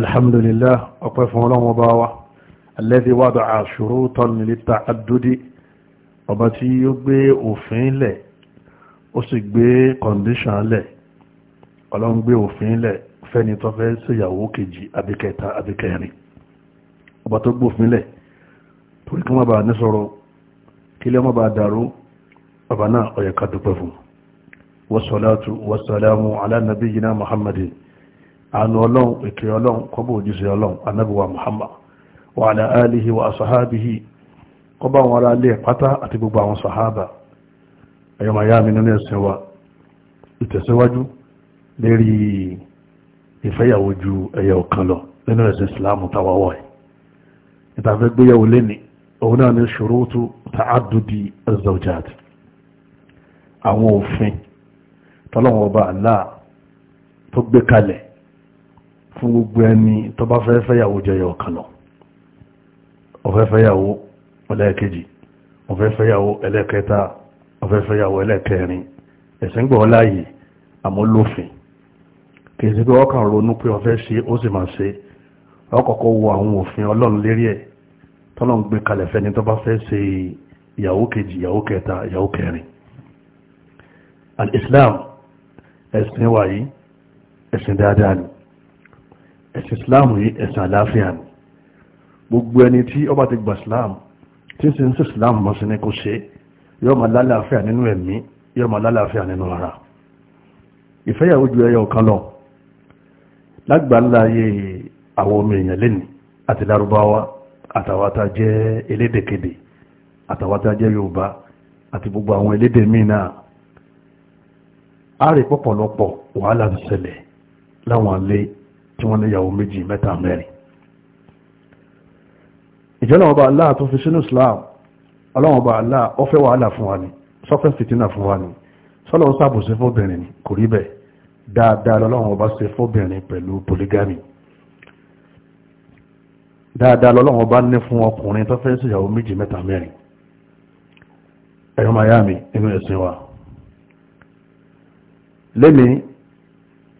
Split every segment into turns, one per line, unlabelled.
alhamdulillah ọpẹ́ fún ọlọ́run ọba wa alladhi wada'a shurutan litta'addudi ọba tí ó gbé òfin lẹ̀ ó sì gbé kọ̀ǹdíṣàn lẹ̀ ọlọ́run gbé òfin lẹ̀ fẹ́ni tó fẹ́ ṣèyàwó kejì abikẹta abikẹrin ọba tó gbófin lẹ̀ torí kí wọ́n bá ní sọ̀rọ̀ kí lè wọ́n bá dàrú ọba náà ó yẹ ká dúpẹ́ fún wassalatu wassalamu ala nabiyyina muhammadin àánú ọlọ́run ètò ọlọ́run kọ́bọ̀ òjíṣẹ́ ọlọ́run anábíwá muhammad wa ala alihi wa asahabihi kọ́bọ̀ àwọn ará ilé pátá àti gbogbo àwọn sahaba ẹ̀yọ́mọ̀ ayá mi nínú ẹ̀sìn wa ìtẹ̀síwájú lérí ìfẹ́yàwó ju ẹ̀yà ọ̀kan lọ nínú ẹ̀sìn islamu tàwáwọ̀ ẹ̀ ìtàfẹ́ gbéyàwó lẹ́ni òun náà ní tààdùdì àwọn òfin ọba tó gbé kalẹ̀ fún gbogbo ẹni tó bá fẹ́ fẹ́yàwó jẹyọ ọ̀kan lọ ọ̀fẹ́ fẹ́yàwó ẹlẹ́ẹ̀kejì ọ̀fẹ́ fẹ́yàwó ẹlẹ́ẹ̀kẹta ọ̀fẹ́ fẹ́yàwó ẹlẹ́ẹ̀kẹrin ẹ̀sìn gbọ́ láàyè àmọ́ lófin kì í sí pé ọkàn ronú pé ọ̀fẹ́ ṣe ó sì máa ṣe ọkọ̀kọ́ wo àwọn òfin ọlọ́run lérí ẹ̀ tọ́lọ́n gbé kalẹ̀ fẹ́ni tó bá fẹ́ ṣe ìyàwó kejì ìyàwó kẹta ìyàwó kẹrin al-Islam ẹ̀sìn wáyé ẹ̀sìn dáadáa ni ẹ̀sìn islam yìí ẹ̀sìn àlàáfíà ni gbogbo ẹni tí ó bá ti gba islam tí sì ń sí islam mọ́ sí ní kò ṣe yóò máa lálàáfíà nínú ẹ̀mí yóò máa lálàáfíà nínú ara ìfẹ́yàwó ju ẹyọ kan lọ lágbàńlá ayé àwọn ọmọ èèyàn lẹ́nìí àti lárúbáwá àtàwátá jẹ́ elédèkedè àtàwátá jẹ́ yorùbá àti gbogbo àwọn elédè míì náà a rí pọ̀pọ̀lọpọ̀ wàhálà ti ṣẹlẹ̀ láwọn alẹ́ tí wọ́n níyàwó méjì mẹ́ta mẹ́rin ìjọ́nà ọba aláà tó fi sínú islam ọlọ́wọ́n ọba aláà ó fẹ́ wàhálà fún wa ni sọ́fẹ́ fìtínà fún wa ni sọ́lọ́ ń sàbòsí fóbìnrin ni kò rí bẹ́ẹ̀ dáadáa lọ́lọ́wọ́n ọba ṣe fóbìnrin pẹ̀lú polygamy dáadáa lọ́lọ́wọ́n ọba ní fún ọkùnrin tó fẹ́ síyàwó méjì mẹ́ta mẹ́rin ẹ̀rọ miami inú ẹ̀sìn wa lẹ́ni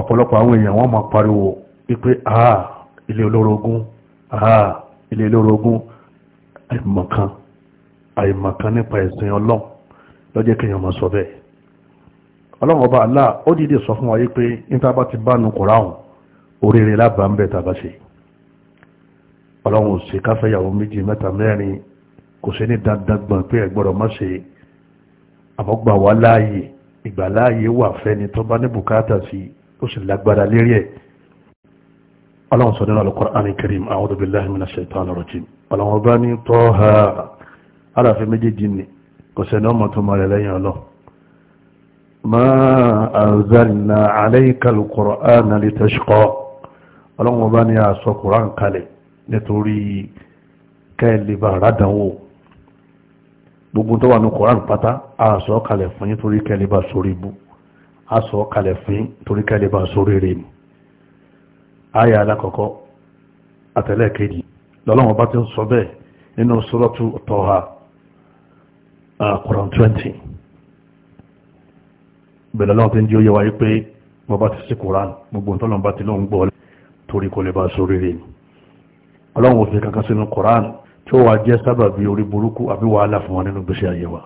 ọ̀pọ̀lọpọ̀ àwọn èèyàn wọ́n máa pariwo wípé àà ah, ilé olórogún àà ah, ilé olórogún àìmọ̀kan àìmọ̀kan nípa ẹ̀sìn ọlọ́run lọ́jẹ́ kí èèyàn máa sọ bẹ́ẹ̀ ọlọ́run ọba Allah ó dìde sọ fún wa yí pé níta bá ti bá nu kùráhùn oríire lábàá ń bẹ̀ tá a bá ṣe ọlọ́run ò sí káfẹ́yàwó méjì mẹ́ta mẹ́rin kò sí ní dandan gbọ̀n pé ẹ má ṣe àmọ́gbà wá láàyè ìgbà láàyè wà fẹ́ni tó bá ní bùkátà sí ó sì lágbára lérí ẹ̀ ọlọ́run sọ nínú Al-Qur'an Karim a'udhu billahi minash shaitanir rajim ọlọ́run ọba ní tọ́ha aláfẹ́ méjèèjì ni kò sẹ́ni ọmọ tó máa rẹ̀ lẹ́yìn ọlọ́ ma anzalna alayka al-Qur'ana litashqa ọlọ́run ọba ní àṣọ kùrán kalẹ̀ nítorí kẹ́ẹ̀lì bá rádánwò gbogbo tó wà ní kùrán pátá àṣọ kalẹ̀ fún yín torí kẹ́ẹ̀lì bá sórí ibú àṣọ kalẹ̀ fún yín torí kẹ́ẹ̀lì bá sórí rèé ayé alákọ̀ọ́kọ́ àtẹ̀lẹ́kejì lọ́lọ́wọ́n bá ti ń sọ bẹ́ẹ̀ nínú sọ́rọ́tù tọ́ha Quran 20 bẹ̀rẹ̀ lọ́wọ́n ti ń jí ó yẹ wáyé pé wọ́n bá ti sí Quran gbogbo ntọ́lọ́n bá ti lóun gbọ́ torí kò lè bá sóríire ni ọlọ́run òfin kankan sínú Quran tí ó wà jẹ́ sábàbí orí burúkú àbí wàhálà fún wọn nínú gbèsè ayé wa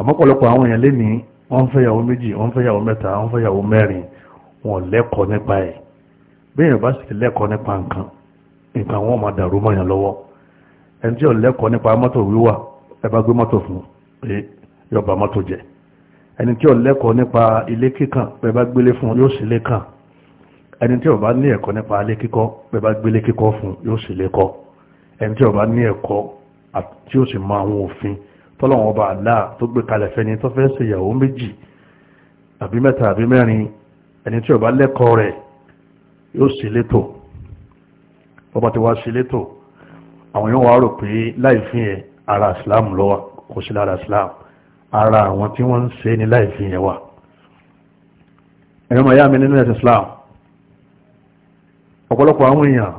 àmọ́ pọ̀lọpọ̀ àwọn èèyàn lénìí wọ́n ń fẹ́yàwó méjì wọ́n ń fẹ́yàwó mẹ́ta wọ́n ń fẹ́yàwó mẹ́rin wọn lẹ́kọ̀ọ́ nípa ẹ̀ bẹ́ẹ̀ bá sì lẹ́kọ̀ọ́ nípa nǹkan nǹkan wọn máa dàrú mọ́ yàn lọ́wọ́ ẹni tí ò lẹ́kọ̀ọ́ nípa mọ́tò wíwà ẹ bá gbé mọ́tò fún yóò bà mọ́tò jẹ́ ẹni tí ò lẹ́kọ̀ọ́ nípa ilé kíkàn ẹ bá gbélé fún yóò sì lé kàn ẹni tí ò bá ní ẹ̀kọ́ nípa ilé kíkọ́ ẹ bá gbélé kíkọ́ fún yóò sì lé kọ́ ẹni tí ò bá ní ẹ̀kọ́ tí ó sì mọ àwọn òfin tọ́lọ́wọ́n ọba àlá tó gbé kalẹ̀ fẹ́ni tó fẹ́ ṣèyàwó méjì àbí mẹ́ta àbí mẹ́rin ẹni tí ò bá lẹ́kọ̀ọ́ rẹ̀ yóò ṣe létò bọ́bá ti wá ṣe létò àwọn yóò wá rò pé láìfin yẹn ara islam ló wà kò sí lára islam ara àwọn tí wọ́n ń ṣe ní láìfin yẹn wà ẹ̀yọ́ màá yá mi nínú ẹ̀sìn islam ọ̀pọ̀lọpọ̀ àwọn èèyàn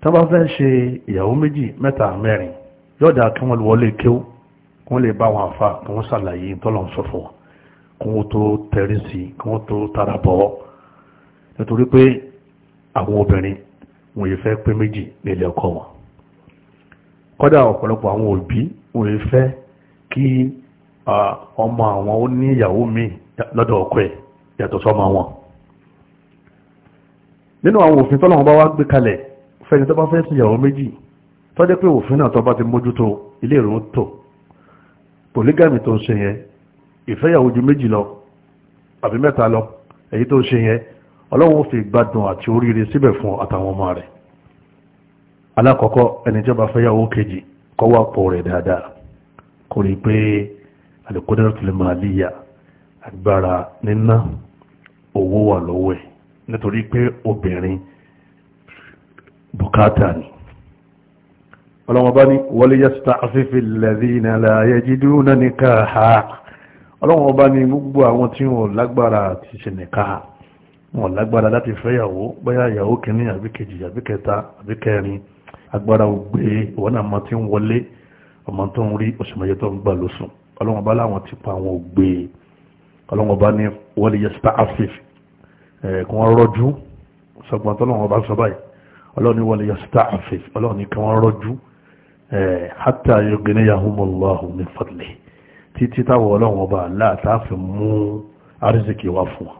tó bá fẹ́ ṣe ìyàwó méjì mẹ́ta mẹ́rin yóò dáa kí wọ́n wọlé kéwú kí wọ́n lè bá wọn àfa kí wọ́n ṣàlàyé tọ́lọ̀ ń sọ kí wọ́n tó tẹ̀rí sí kí wọ́n tó tara bọ̀ nítorí pé àwọn obìnrin wọn yìí fẹ́ pé méjì nílé ọkọ wọn kọ́dà ọ̀pọ̀lọpọ̀ àwọn òbí wọn yìí fẹ́ kí ọmọ àwọn ó ní ìyàwó míì lọ́dọ̀ ọkọ ẹ̀ yàtọ̀ sọ́mọ wọn nínú àwọn òfin tọ́lọ́wọ́n bá wá gbé kalẹ̀ fẹ́ni tó bá fẹ́ sí ìyàwó méjì tó jẹ́ pé òfin náà tó bá ti mójútó ilé ìrún tò polygamy tó ń ṣe yẹn ìfẹ́yàwó ju méjì lọ àbí mẹ́ta lọ èyí tó ń ṣe yẹn ọlọ́run ó fi gbádùn àti oríire síbẹ̀ fún àtàwọn ọmọ rẹ̀ alákọ̀ọ́kọ́ ẹni jọba fẹ́yàwó kejì kọ́wà pọ̀ rẹ̀ dáadáa kò rí pé al-qudratul maliyya agbára níná owó wà lọ́wọ́ ẹ̀ nítorí pé obìnrin bùkátà ni ọlọ́wọ́ bá ní wal yasta'fif alladhina la yajiduna nikaha ọlọ́wọ́ bá ní gbogbo àwọn tí wọ́n lágbára ti ṣe nìkáà wọn lágbára láti fẹ́yàwó bóyá ìyàwó kìíní àbí kejì àbí kẹta àbí kẹrin agbára ògbé ìwọ́n náà máa ti ń wọlé ọmọ tó ń rí òṣèmọ̀yẹ tó ń gbà lóṣù ọlọ́wọ́n bá láwọn ti pa àwọn ògbé ọlọ́wọ́n bá ní wọ́n lè yẹ star afif kí wọ́n rọ́jú sọgbọ́n tọ́lọ́wọ́n bá sọ báyìí ọlọ́wọ́n ní wọ́n lè yẹ star afif ọlọ́wọ́n ní kí wọ́n rọ́jú hátà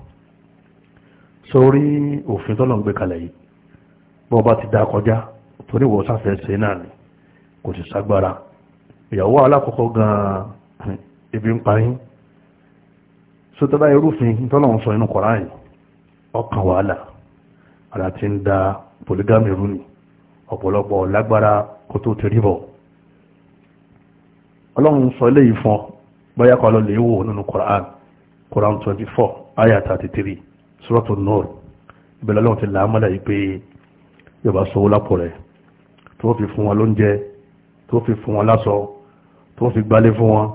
sórí òfin tọ́lọ̀ ń gbé kalẹ̀ yìí bọ́ bá ti dá kọjá torí wọ́n sáfẹ́ ṣe náà ni kò sì ságbára ìyàwó alákọ̀ọ́kọ́ gan-an ibi ń parí sótọ́lá irúfin tọ́lọ̀ ń sọ inú kọ̀ráyìn ọkàn wàhálà ara ti ń da polygamy rú ni ọ̀pọ̀lọpọ̀ lágbára kó tó ti rí bọ̀ ọlọ́run sọ eléyìí fún ọ bóyá kọ́ lọ lè wò nínú kọ̀ráyìn kọ̀ráyìn 24 ayat 33 sọ́rọ̀tò nọ́ọ̀rù ìbẹ̀lẹ̀ ọlọ́run ti là á mọ́lẹ̀ yìí pé yọba sọ lápò rẹ̀ tó fi fún wọn lóúnjẹ tó fi fún wọn láṣọ tó fi gbálé fún wọn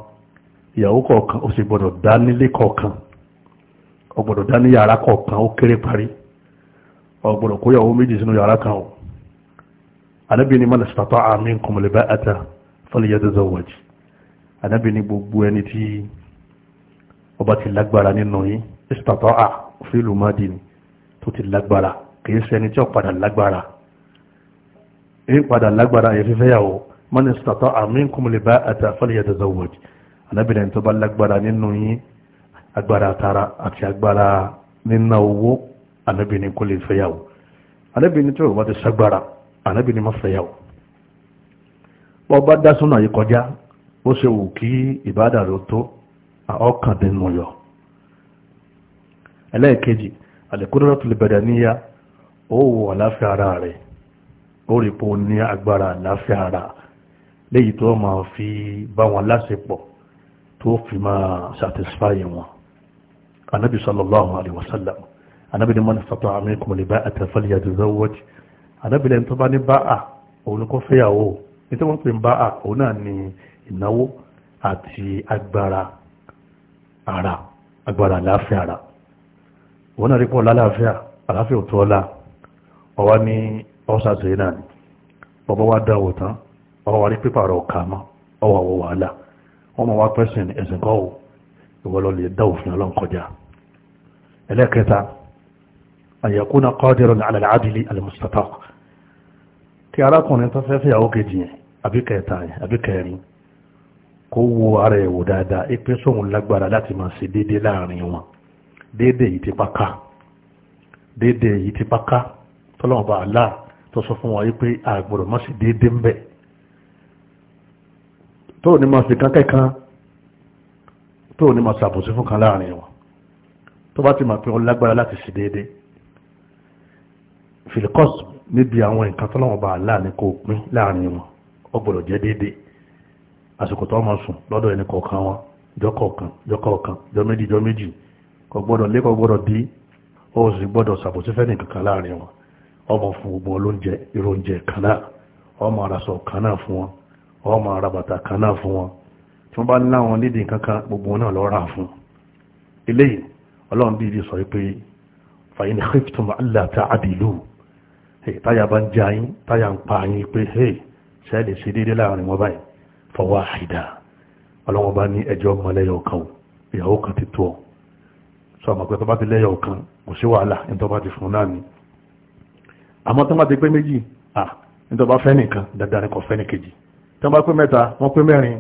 ìyàwó kọ̀ọ̀kan ó sì gbọ́dọ̀ dá nílé kọ̀ọ̀kan ó gbọ́dọ̀ dá ní yàrá kọ̀ọ̀kan ó kéré parí ó gbọ́dọ̀ kó yàwó méjì sínú yàrá kan o anábì ni mọ́lẹ̀ sàtọ́ àmì kọ̀mọ̀lẹ́bá ẹ̀ta falyatazawwaj anábì ni gbogbo ẹni tí ti lágbára nínú yín ìsàtọ́ à fílù mádì ni tó ti lágbára kìí sẹni tí ó padà lágbára èyí padà lágbára èyí fífẹ́yàwó mọ́ni sọ̀tọ̀ àmínkùn lè bá àtàfẹ́lẹ̀ yẹn dọ̀dọ̀ wọ̀d alábìnrin tó bá lágbára nínú yín agbára tara àti agbára nínú owó alábìnrin kò lè fẹ́yàwó alábìnrin tó wà ti sagbára alábìnrin má fẹ́yàwó wọ́n bá dá súnà yìí kọjá ó ṣe wù kí ìbádà rẹ̀ tó àọ́kàn dín mú ẹlẹ́ẹ̀kejì al-qudratul badaniyya ó wọ àláfíà ara rẹ̀ ó rí pé ó ní agbára àláfíà ara léyìí tó máa fi bá wọn láṣepọ̀ tó fi máa satisfy wọn anabi sallallahu alayhi wa sallam anabi ni man istata'a minkum al-ba'ata falyatazawwaj anabi lẹ́yìn tó bá ní báà òun kò fẹ́yàwó ní tí wọ́n pè ń báà òun náà ni ìnáwó àti agbára ara agbára àláfíà ara wọ́n náà rí pọ̀ lálàáfíà àláfíà òtún ọlá ọwá ní ọ́sàtì náà ni bàbá wa dá wò tán ọwọ́ wa ní pípa rẹ̀ ọ̀ka mọ́ ọwọ́ àwọ̀ wàhálà wọ́n mọ̀ wá pẹ́sìn ẹ̀sìn kọ́ wò ìwọ lọ lè dá òfin ọlọ́run kọjá ẹlẹ́kẹta àyẹ̀kúnà kọ́dìrọ̀ ní alẹ́ àdìlí alẹ́mùsítàtà déédéé yìí ti pàkà déédéé yìí ti pàkà tọ́lọ́mọba Allah tó sọ fún wa yìí pé àgbọ̀dọ̀ má ṣe déédéé ń bẹ̀ tó ní ma fi kankan kan tó ní ma ṣàbòsí fún kan láàrin wọn tó bá ti ma pé ó lágbára láti ṣe déédéé filikọ́sù níbi àwọn nǹkan tọ́lọ́mọba Allah ní kò pín láàrin wọn ó gbọ́dọ̀ jẹ́ déédéé àsìkò tó ọmọ sùn lọ́dọ̀ ẹni kọ̀ọ̀kan wọn jọ́kọ̀ọ̀kan jọ́kọ̀ọ̀kan jọ́ méjì jọ́ méjì kò gbọ́dọ̀ lé kò gbọ́dọ̀ dí ó sì gbọ́dọ̀ sàbòsífẹ́ nìkankan láàrin wọn ọmọ fún gbogbo olóúnjẹ ìròúnjẹ kan ọmọ arasọ kan fún wọn ọmọ arabàtà kan fún wọn tí wọ́n bá láwọn nídìí kankan gbogbo náà lọ rà fún eléyìí ọlọ́run bí ibi sọ pé fàyín khiftum alla ta'dilu táyà bá ń jẹ táyà ń pa ayín pé ṣe lè ṣe déédéé láàrin wọn báyìí fọwọ́ àìdá ọlọ́wọ́n bá ní ẹjọ́ mọ́lẹ́yọ̀ kan ìyàwó kan ti tó ọ sọ àmọ́ pé tó bá ti lẹ́yọ̀ ọ̀kan kò sí wàhálà ní tó bá ti fún náà ni àmọ́ tó bá ti pé méjì à ní tó bá fẹ́ nìkan dandan ni kò fẹ́ ní kejì tó bá pé mẹ́ta wọ́n pé mẹ́rin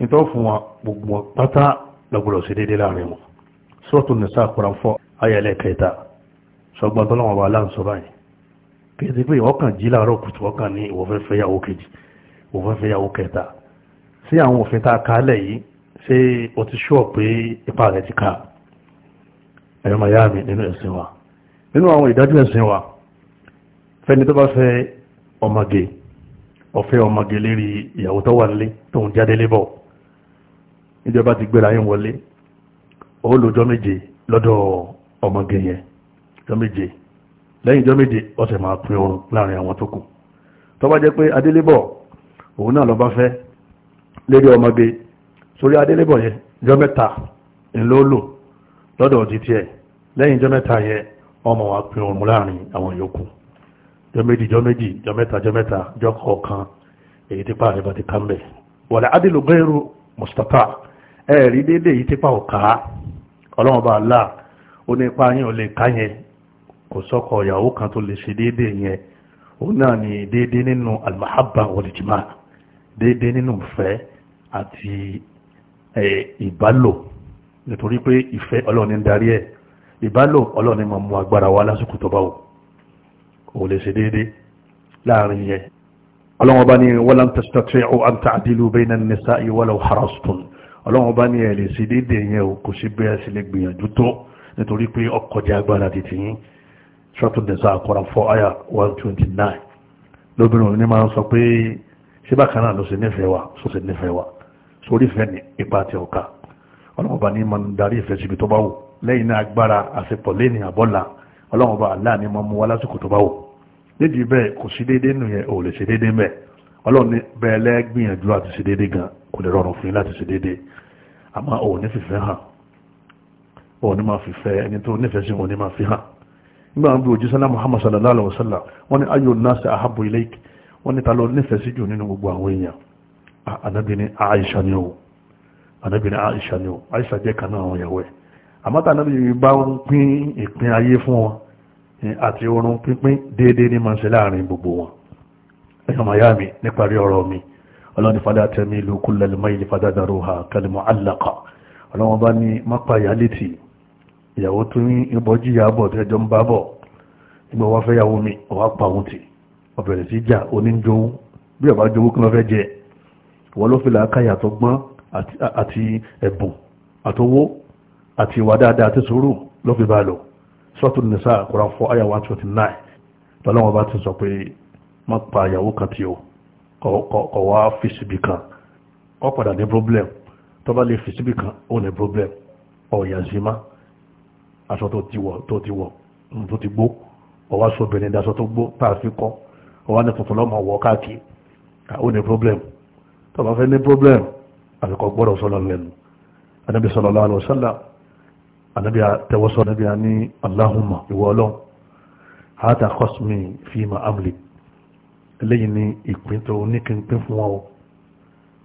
ní tó fún wọn gbogbo pátá lọ́gbọ̀dọ̀ sí déédéé láàrin wọn sọ́ọ̀tù nìsa àkùrà fọ́ ayẹlẹ́ kẹta sọgbọ́n tó lọ́wọ́ wa láǹsọ báyìí kí ẹ ti pé jí láàárọ̀ kùtù ọkàn ní ìwọ́fẹ́fẹ́ yàwó ẹ̀yọ́ miami nínú ẹ̀sìn wa nínú àwọn ìdájọ́ ẹ̀sìn wa fẹ́ni tó bá fẹ́ ọmọge ọ̀fẹ́ ọmọge lérí ìyàwó tó wà nílé tó ń jáde lébọ̀ ìjọba ti gbéra yín wọlé ó lójọ́ méje lọ́dọ̀ ọmọge yẹn jọ́ méje lẹ́yìn jọ́ méje ọ̀sẹ̀ máa pín oorun láàrin àwọn tó kù tó bá jẹ́ pé adélébọ̀ òun náà lọ bá fẹ́ lérí ọmọge sórí adélébọ̀ yẹn jọ́ mẹ́ta ńlọ́ọ̀lò lọ́dọ̀ ti tiẹ̀ lẹ́yìn jọ mẹ́ta yẹ ọmọ wa pin òun láàrin àwọn yòókù jọ méjì jọ méjì jọ mẹ́ta jọ mẹ́ta jọ kọ̀ọ̀kan èyí tí pààrẹ bá ti ká mbẹ̀ wàlẹ̀ adìlú mustapha ẹ̀rí déédéé yìí tí pa ọ̀ká ọlọ́run bá là ó ní ipa yín ò lè ká yẹn kò sọ́kọ̀ ìyàwó kan tó lè ṣe déédéé yẹn ó náà ní déédéé nínú almahabba wọlìjìmá déédéé nínú ìfẹ́ àti ìbálò nítorí pé ìfẹ́ ọlọ́run ń darí ẹ̀ ìbálò ọlọ́ni ma mú agbára wa lásìkò tó bá wù ó lè ṣe déédé láàrin yẹn ọlọ́wọ́n bá ní walam tastati'u an ta'dilu bayna an-nisa'i walau harastum ọlọ́wọ́n bá ní ẹ̀ lè ṣe déédé yẹn o kò sí bẹ́ẹ̀ sí lè gbìyànjú tó nítorí pé ọkọjá agbára ti tìyín ṣọ́tún nìsa Qur'an 4 àyà 129 lóbìnrin ní máa ń sọ pé ṣé bákan ló ṣe nífẹ̀ẹ́ wa sọ lẹ́yìn náà agbára àsepọ̀ lẹ́ni àbọ́là ọlọ́run ọba Allah ni mo mú wa lásìkò tó bá wò nídìí bẹ́ẹ̀ kò sí déédéé nù yẹn ò lè ṣe déédéé mẹ́ ọlọ́run ní bẹ́ẹ̀ lẹ́gbìyànjú àti ṣe déédéé gan kò lè rọrùn fún yín láti ṣe déédéé àmọ́ ò ní fìfẹ́ hàn ò ní máa fìfẹ́ ẹni tó nífẹ̀ẹ́ sí ò máa fi hàn nígbà wọn bí ojú sálá Muhammad sallallahu alayhi wa sallam wọn ni ayo nasa ahabu ilayk wọn ni ta ló nífẹ̀ẹ́ sí jù nínú gbogbo àwọn èèyàn anabi Aisha ni o anabi Aisha ni o Aisha jẹ́ kan náà àwọn ìyàwó ẹ̀ àmọ́tà náà bí bá ń pín ìpín ayé fún wọn eh, àti oorun pínpín déédéé ní máa ń ṣe láàrin gbogbo wọn ẹ̀yọ́ màyá mi ọ̀rọ̀ mi ọlọ́ni fada tẹ́mi ìlú kúlẹ̀lẹ́mọ́ ìlú fada dàrú ha kẹlẹ́mọ́ alákà ọlọ́wọ́n bá ní mápa ìyálẹ́tì ìyàwó tó ní ìbọ́jú ìyàbọ̀ tẹ́jọ́ ń bá bọ̀ nígbà wá fẹ́ yàwó mi ọwá pa òun tì ọbẹ̀rẹ̀ sí jà oníjowó bí ọba àti ìwà dáadáa àti sùúrù ló fi bá lò sọ́tún nìsá Qur'an 4 àyà 129 tọ́lọ́wọ́n bá ti sọ pé má pa ìyàwó kan tí ó kọ̀ wá fi síbi kan ó padà ní problem tó bá lè fi síbi kan ó ní problem ọ̀yà zima aṣọ tó ti wọ̀ tó ti wọ̀ tó ti gbó ọwá sóbìnrin daṣọ tó gbó tá a fi kọ́ ọwá ní tuntun lọ́mọ wọ káàkiri ó ní problem tó bá ní problem àfikọ́ gbọ́dọ̀ sọ́lọ́ lẹ́nu anábì sallallahu alaihi wasallam ànábì àtẹwọ́sọ ànábì à ní aláhùnmá ìwọ ọlọ́run hátà kọ́sùmí fíìmà amlè eléyìí ní ìpín tó oníkínpín fún wọn o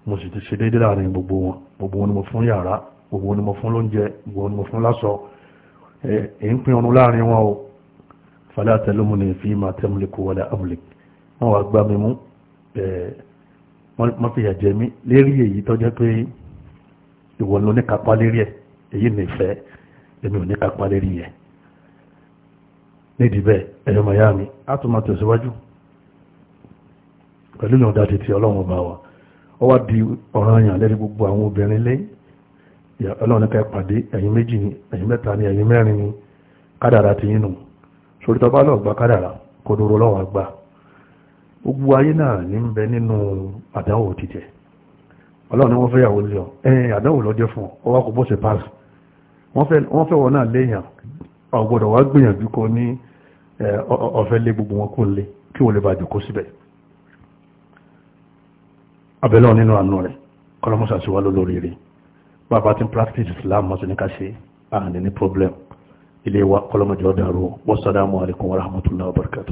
mo sì ti ṣe déédé láàrin gbogbo wọn gbogbo wọn ni mo fún yàrá gbogbo wọn ni mo fún lóúnjẹ gbogbo wọn ni mo fún láṣọ ẹ̀ ń pín ọrùn láàrin wọn o fàlẹ́ àtẹlómù ní fíìmà tẹ́mùlẹ́kù wọlé amlè wọ́n wá gbá mi mú wọ́n fi yàjẹ́ mi lérí èyí tó jẹ́ pé ìwọ̀n lóníkàpá lérí ẹ̀ èyí nìfẹ́ èmi ò ní ká parí rí yẹ nídìí bẹ́ẹ̀ ẹ̀yọ́ miami á tún máa tẹ̀síwájú pẹ̀lú ìyọ̀ǹda títí ọlọ́run bá di ọ̀ràn àyàn gbogbo àwọn obìnrin lé ọlọ́run ká pàdé ẹ̀yin méjì ni ẹ̀yin mẹ́ta ni ẹ̀yin mẹ́rin ni kádàrà ti yín nù sórí gba kádàrà lọ́wọ́ àgbà gbogbo ayé náà ní ń bẹ nínú wọ́n fẹ́ wọ́n náà léèyàn ọ̀gbọ́dọ̀ wá gbìyànjú kó ní ọ̀fẹ́ lé gbogbo wọn kó lé kí wọ́n lè bá jòkó síbẹ̀ abẹ́lẹ́ nínú àánú rẹ̀ kọ́lọ́mọ́sà sí wá lólórí rẹ̀ bàbá tí ń practice Islam mọ́tò ní ká ṣe àní ní problem ilé wa kọ́lọ́mọ́jọ́ dàrú wassalamu alaikum warahmatullahi wabarakatuh